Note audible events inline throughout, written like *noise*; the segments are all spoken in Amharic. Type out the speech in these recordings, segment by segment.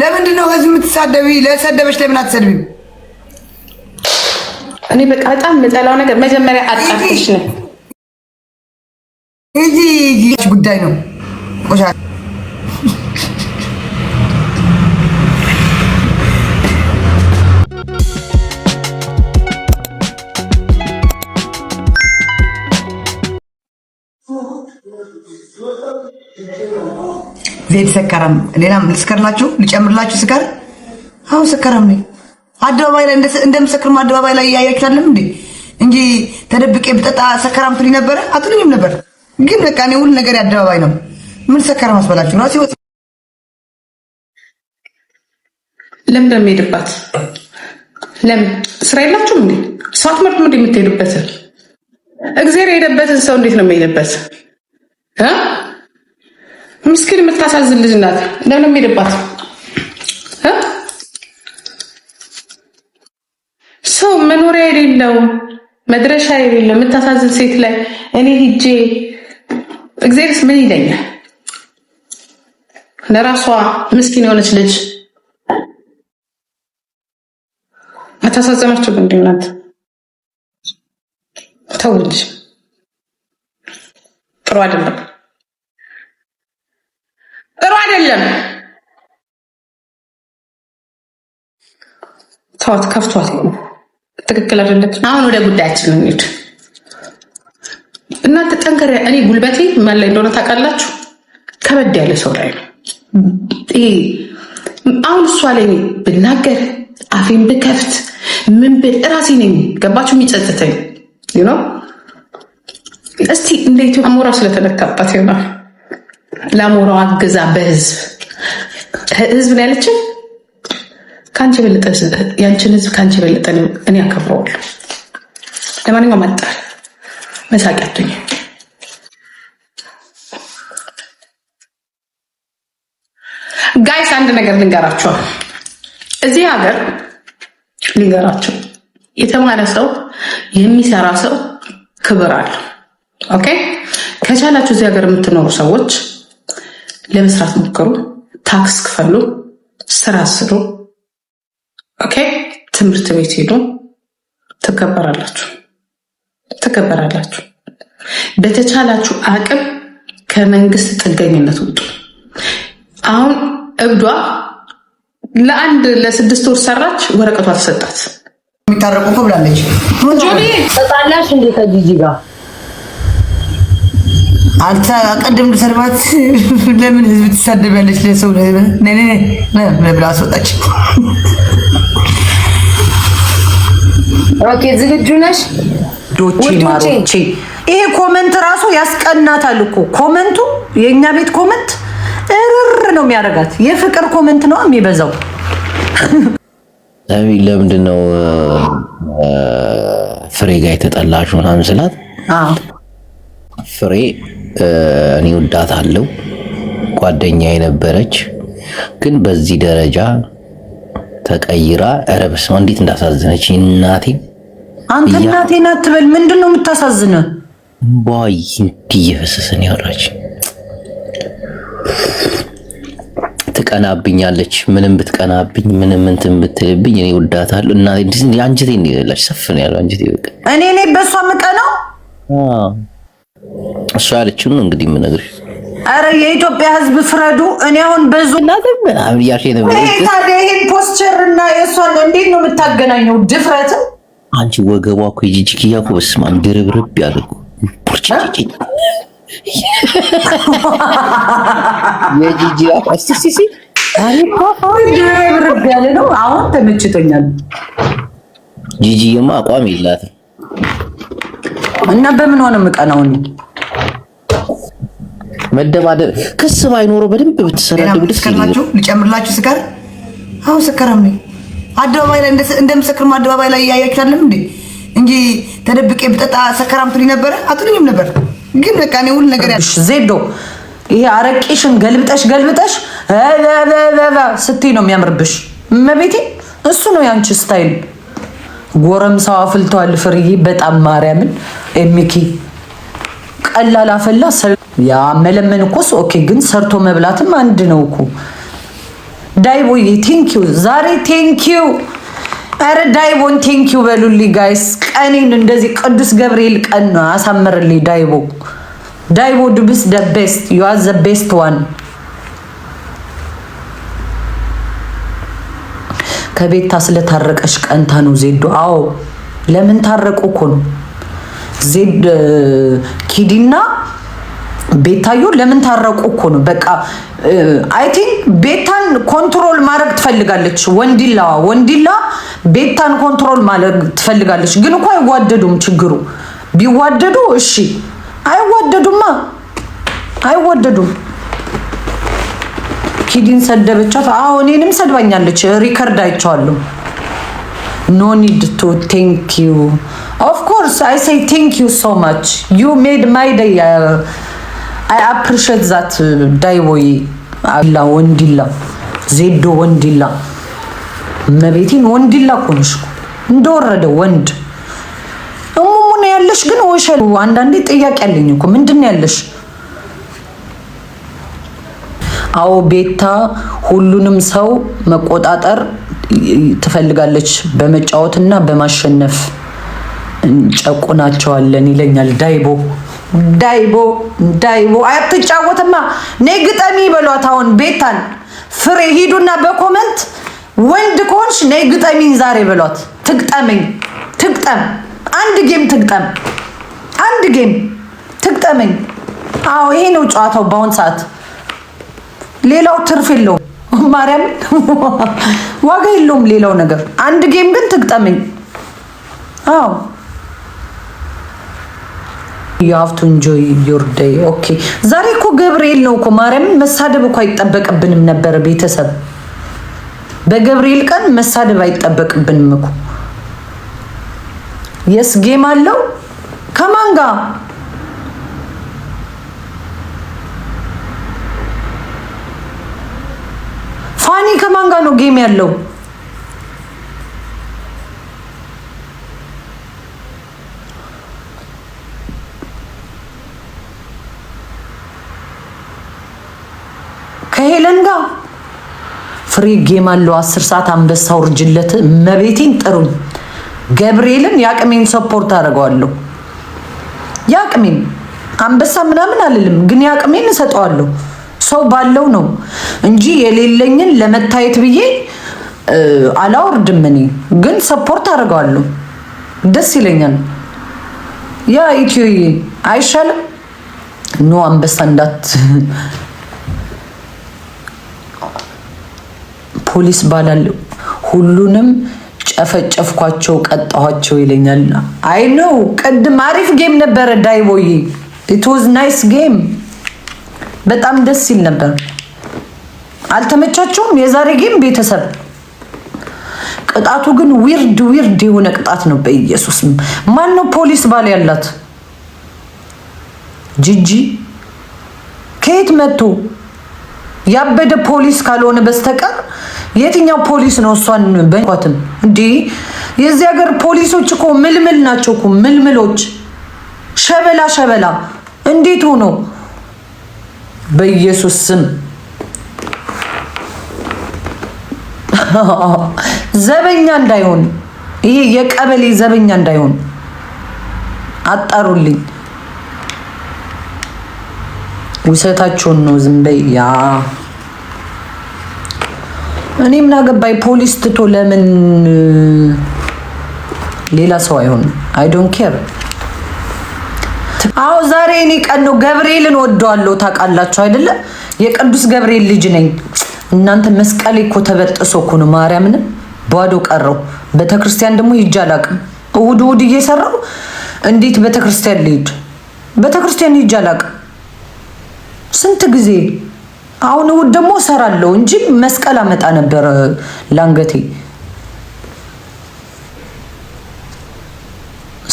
ለምንድን ነው ህዝብ የምትሳደቢ? ለሰደበች ለምን አትሰድቢም? እኔ በቃ በጣም መጠላው ነገር መጀመሪያ አጣፍሽ ነው። እዚህ ጉዳይ ነው ቆሻ ዘይት ሰከራም ሌላም ልስከርላችሁ ልጨምርላችሁ ስከር አሁ ሰከራም ነኝ። አደባባይ ላይ እንደምሰክርም አደባባይ ላይ እያያችሁ እንዴ? እንጂ ተደብቄ ብጠጣ ሰከራም ትሉኝ ነበረ አትሉኝም ነበር። ግን በቃ እኔ ሁሉ ነገር አደባባይ ነው። ምን ሰከራም አስበላችሁ ራሴ ወጥ ለምን እንደምሄድባት ለምን ስራ የላችሁም እንዴ? ሰዓት መርት ምንድ የምትሄዱበት? እግዚአብሔር የሄደበትን ሰው እንዴት ነው የሚሄድበት? ምስኪን የምታሳዝን ልጅ ናት። ለምን የሚሄድባት ሰው መኖሪያ የሌለው መድረሻ የሌለው የምታሳዝን ሴት ላይ እኔ ሂጄ እግዚአብሔርስ ምን ይለኛል? ለራሷ ምስኪን የሆነች ልጅ አታሳዘናችሁ? እንዲህ ናት። ተው እንጂ ጥሩ አይደለም። ጥሩ አይደለም። ተዋት፣ ከፍቷት ትክክል አይደለም። አሁን ወደ ጉዳያችን እንሂድ። እናንተ ጠንከር። እኔ ጉልበቴ ምን ላይ እንደሆነ ታውቃላችሁ? ከበድ ያለ ሰው ላይ ነው አሁን እሷ ላይ ብናገር አፌን ብከፍት ምን ብል እራሴ ነኝ። ገባችሁ? የሚጸጥተኝ ነው። እስቲ እንደ ኢትዮጵያ ሞራው ስለተነካባት ይሆናል ለአሞራው አግዛ በህዝብ ህዝብ ነው ያለችን። ከአንቺ የበለጠ ያንቺን ህዝብ ከአንቺ የበለጠ እኔ ያከብረዋሉ። ለማንኛውም መጣ መሳቂያቱኝ ጋይስ አንድ ነገር ልንገራቸው፣ እዚህ ሀገር ልንገራቸው፣ የተማረ ሰው የሚሰራ ሰው ክብር አለ። ኦኬ ከቻላችሁ እዚህ ሀገር የምትኖሩ ሰዎች ለመስራት ሞክሩ። ታክስ ክፈሉ፣ ስራ ስሩ፣ ኦኬ። ትምህርት ቤት ሄዱ፣ ትከበራላችሁ ትከበራላችሁ። በተቻላችሁ አቅም ከመንግስት ጥገኝነት ውጡ። አሁን እብዷ ለአንድ ለስድስት ወር ሰራች፣ ወረቀቷ ተሰጣት። የሚታረቁ ብላለች። ጆኒ ጣላሽ እንዴት ከጂጂ ጋር አንተ ቀደም ልሰርባት *laughs* ለምን ህዝብ ትሳደቢያለች? ለሰው ብላ አስወጣች። ኦኬ ዝግጁ ነሽ? ይሄ ኮመንት ራሱ ያስቀናታል እኮ ኮመንቱ፣ የእኛ ቤት ኮመንት እርር ነው የሚያደርጋት። የፍቅር ኮመንት ነው የሚበዛው። ለምንድን ነው ፍሬ ጋር የተጠላችሁ ምናምን ስላት ፍሬ እኔ አለው ጓደኛ የነበረች ግን በዚህ ደረጃ ተቀይራ፣ ኧረ በስመ እንዴት እንዳሳዘነች እናቴ። አንተ እናቴን አትበል፣ ምንድን ነው የምታሳዝነ? እንባዬ እንዲህ እየፈሰሰን ያወራች ትቀናብኛለች። ምንም ብትቀናብኝ ምንም እንትን ብትልብኝ እኔ ወዳታለሁ እና አንጀቴ እንዲለች ሰፍን ያለው አንጀቴ በቃ እኔ እኔ በእሷ ምቀ ነው እሷ አለችም ነው እንግዲህ የምነግርሽ። አረ የኢትዮጵያ ሕዝብ ፍረዱ። እኔ አሁን ብዙ እናትም ምናምን እያልሽ ነበር። ታዲያ ይሄን ፖስቸር እና የእሷን እንዴት ነው የምታገናኘው? ድፍረት አንቺ ወገቧ እኮ የጂጂክያ እኮ በስመ አብ ድርብርብ ያለ እኮ የጂጂያ ሲሲ ድርብርብ ያለ ነው። አሁን ተመችቶኛል። ጂጂዬማ አቋም የላትም እና በምን ሆነ ምቀናውን መደባደብ ክስ ባይኖረው በደንብ ብትሰዳደብ ደስ ይላችሁ። ልጨምርላችሁ ስካር አው ስካራም ነኝ አደባባይ ላይ እንደምሰክርም አደባባይ ላይ እያያችሁ እንዴ? እንጂ ተደብቄ ብጠጣ ሰከራም ትሉኝ ነበረ አትሉኝም ነበር። ግን በቃ እኔ ሁሉ ነገር ያለሽ ዜዶ ይሄ አረቄሽን ገልብጠሽ ገልብጠሽ ስትይ ነው የሚያምርብሽ። መቤቴ እሱ ነው ያንቺ ስታይል። ጎረምሳው አፍልተዋል ፍርዬ፣ በጣም ማርያምን ኤሚኪ ቀላል አፈላ ያ መለመን እኮስ ኦኬ፣ ግን ሰርቶ መብላትም አንድ ነው እኮ። ዳይቦ ቴንኪዩ፣ ዛሬ ቴንኪዩ። ኧረ ዳይቦን ቴንኪዩ በሉልኝ ጋይስ። ቀኔን እንደዚህ ቅዱስ ገብርኤል ቀን ነው አሳምርልኝ። ዳይቦ ዳይቦ ድብስ ደ ቤስት ዩ አር ዘ ቤስት ዋን። ከቤታ ስለታረቀሽ ቀንታ ነው ዜዶ። አዎ ለምን ታረቁ እኮ ነው ዜድ ኪዲና ቤታዮ ለምን ታረቁ እኮ ነው። በቃ አይ ቲንክ ቤታን ኮንትሮል ማድረግ ትፈልጋለች። ወንዲላ ወንዲላ ቤታን ኮንትሮል ማድረግ ትፈልጋለች፣ ግን እኮ አይዋደዱም። ችግሩ ቢዋደዱ እሺ፣ አይዋደዱማ፣ አይዋደዱም። ኪዲን ሰደበቻት። አዎ እኔንም ሰድባኛለች። ሪከርድ አይቼዋለሁ። ኖ ኒድ ቱ ቴንክ ዩ ኦፍ አይ ሴይ ቴንክ ዩ ሶ ማች ዩ ሜድ ማይ ደይ አይ አፕሪሼት ዛት ዳይቦይ አላ ወንዲላ ዜዶ ወንዲላ መቤቴን ወንዲላ እኮ እንደወረደ ወንድ እሙሙን ያለሽ ግን ወሸል አንዳንዴ ጥያቄ ያለኝ እኮ ምንድን ነው ያለሽ? አዎ ቤታ ሁሉንም ሰው መቆጣጠር ትፈልጋለች በመጫወትና በማሸነፍ እንጨቁናቸዋለን ይለኛል ዳይቦ። ዳይቦ ዳይቦ አትጫወትማ። ኔ ግጠሚ በሏት። አሁን ቤታን ፍሬ ሂዱና በኮመንት ወንድ ከሆንሽ ኔ ግጠሚኝ ዛሬ በሏት። ትግጠመኝ ትግጠም፣ አንድ ጌም ትግጠም፣ አንድ ጌም ትግጠመኝ። አዎ ይሄ ነው ጨዋታው በአሁን ሰዓት። ሌላው ትርፍ የለውም፣ ማርያም ዋጋ የለውም ሌላው ነገር። አንድ ጌም ግን ትግጠመኝ። አዎ የሀብቱ እንጆይ ዮር ዴይ ኦኬ። ዛሬ እኮ ገብርኤል ነው እኮ ማርያምን መሳደብ እኮ አይጠበቅብንም ነበር ቤተሰብ በገብርኤል ቀን መሳደብ አይጠበቅብንም እኮ። የስ ጌም አለው ከማን ጋር ፋኒ ከማን ጋር ነው ጌም ያለው? ፍሪ ጌም አለው። አስር ሰዓት አንበሳው ውርጅለት መቤቴን ጥሩኝ። ገብርኤልን የአቅሜን ሰፖርት አደርገዋለሁ። የአቅሜን አንበሳ ምናምን አልልም፣ ግን የአቅሜን እሰጠዋለሁ። ሰው ባለው ነው እንጂ የሌለኝን ለመታየት ብዬ አላወርድም። እኔ ግን ሰፖርት አደርገዋለሁ። ደስ ይለኛል። ያ ኢትዮዬ አይሻልም? ኖ አንበሳ እንዳት ፖሊስ ባላለው ሁሉንም ጨፈጨፍኳቸው፣ ቀጣኋቸው ይለኛል አይ ነው ቅድም አሪፍ ጌም ነበረ። ዳይቦይ ኢት ዋዝ ናይስ ጌም፣ በጣም ደስ ይል ነበር። አልተመቻቸውም የዛሬ ጌም ቤተሰብ። ቅጣቱ ግን ዊርድ ዊርድ የሆነ ቅጣት ነው። በኢየሱስ ማን ነው ፖሊስ ባል ያላት ጂጂ? ከየት መጥቶ ያበደ ፖሊስ ካልሆነ በስተቀር የትኛው ፖሊስ ነው እሷን በንኳትም እንዲህ የዚህ ሀገር ፖሊሶች እኮ ምልምል ናቸው እኮ ምልምሎች፣ ሸበላ ሸበላ። እንዴት ሆኖ በኢየሱስ ስም *laughs* ዘበኛ እንዳይሆን ይሄ የቀበሌ ዘበኛ እንዳይሆን አጣሩልኝ። ውሰታችሁን ነው ዝም በይ ያ እኔ ምን አገባኝ? ፖሊስ ትቶ ለምን ሌላ ሰው አይሆንም? አይ ዶንት ኬር። አዎ ዛሬ እኔ ቀን ነው። ገብርኤልን ወደዋለሁ ታውቃላችሁ አይደለም? የቅዱስ ገብርኤል ልጅ ነኝ። እናንተ መስቀሌ እኮ ተበጥሶ እኮ ነው ማርያምን ባዶ ቀረው። ቤተክርስቲያን ደግሞ ሂጅ አላውቅም። ውድ እየሰራው እንዴት ቤተክርስቲያን ልሂድ? ቤተክርስቲያን ሂጅ አላውቅም ስንት ጊዜ አሁን እሑድ ደግሞ እሰራለሁ እንጂ መስቀል አመጣ ነበር ላንገቴ።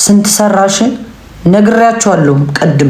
ስንት ሰራሽ ነግሬያቸዋለሁ ቅድም።